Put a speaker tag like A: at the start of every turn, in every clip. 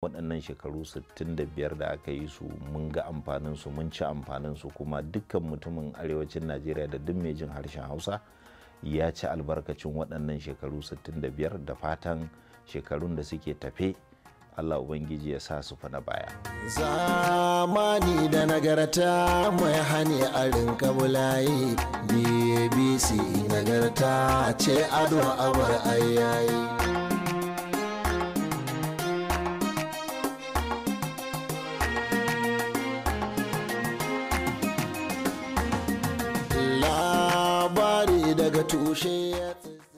A: waɗannan shekaru 65 da aka yi su mun ga amfanin su mun ci amfanin su kuma dukkan mutumin arewacin najeriya da duk mai jin harshen hausa ya ci albarkacin waɗannan shekaru 65 da fatan shekarun da suke tafe allah ubangiji ya sa su na baya zamani da nagarta mai hane a rinka bulaye bbc nagarta ce ado abar ayayi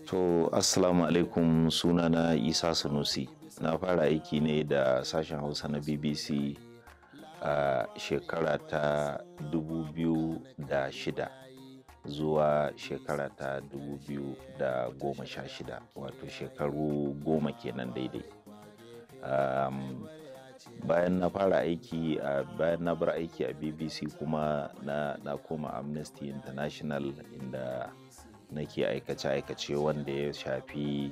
A: To, Assalamu alaikum suna na Isa Sanusi. Na fara aiki ne da sashen Hausa na BBC a shekara ta 2006 zuwa shekara ta 2016 wato shekaru goma kenan daidai. Um, bayan na fara aiki a bayan na bar aiki a bbc kuma na, na koma amnesty international inda nake aikace-aikace wanda ya shafi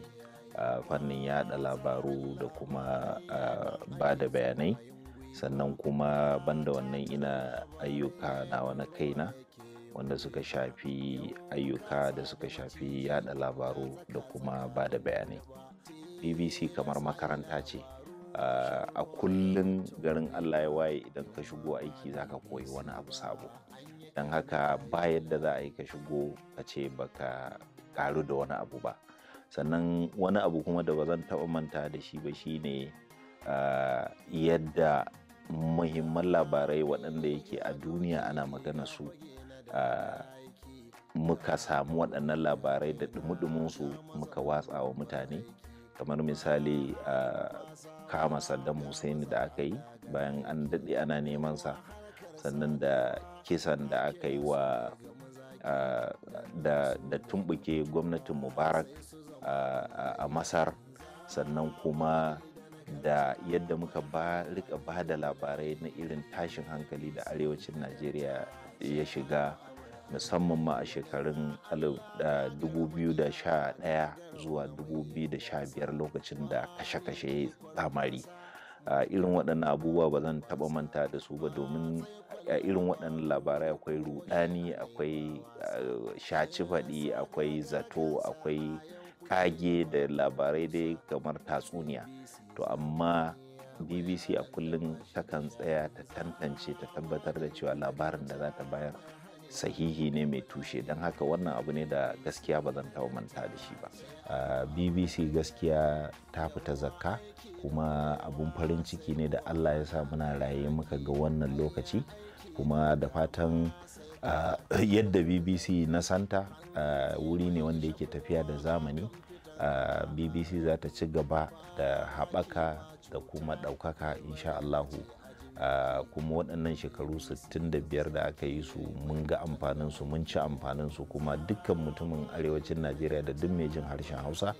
A: fannin yada labaru da kuma ba da bayanai sannan kuma banda wannan ina ayyuka nawa na kaina wanda suka shafi ayyuka da suka shafi yada labaru da kuma ba da bayanai bbc kamar makaranta ce a kullum garin allah ya waye idan ka shigo aiki zaka koyi wani abu sabo don haka ba yadda za a yi ka shigo a ce baka karu da wani abu ba sannan wani abu kuma da ba zan taɓa manta da shi ba shi ne yadda muhimman labarai waɗanda yake a duniya ana magana su muka samu waɗannan labarai da su muka watsa wa mutane kamar misali a kama saddam hussein da aka yi bayan an daɗe ana neman sa sannan da kisan da aka yi wa da, tumbuke gwamnatin mubarak a masar sannan kuma da yadda muka rika ba da labarai na irin tashin hankali da arewacin najeriya ya shiga musamman ma a shekarun 2011 zuwa 2015 lokacin da kashe-kashe tsamari irin waɗannan abubuwa ba zan taɓa manta da su ba domin a irin waɗannan labarai akwai rudani akwai eh, shaci faɗi akwai zato akwai kage da labarai dai kamar tatsuniya to amma bbc a kullum takan tsaya ta tantance ta tabbatar da cewa labarin da za ta bayar sahihi ne mai tushe don haka wannan abu ne da gaskiya ba zan taɓa manta da shi ba bbc gaskiya ta fita zakka kuma abun farin ciki ne da allah ya sa muna raye muka ga wannan lokaci kuma da fatan yadda bbc na santa wuri ne wanda yake tafiya da zamani bbc za ta ci gaba da haɓaka da kuma ɗaukaka insha allahu kuma waɗannan shekaru 65 da aka yi su mun ga amfanin su mun ci amfanin su kuma dukkan mutumin arewacin najeriya da duk mai jin harshen hausa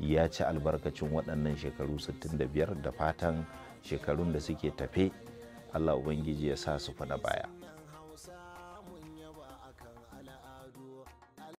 A: ya ci albarkacin waɗannan shekaru 65 da fatan shekarun da suke tafe allah ubangiji ya sa su fi na baya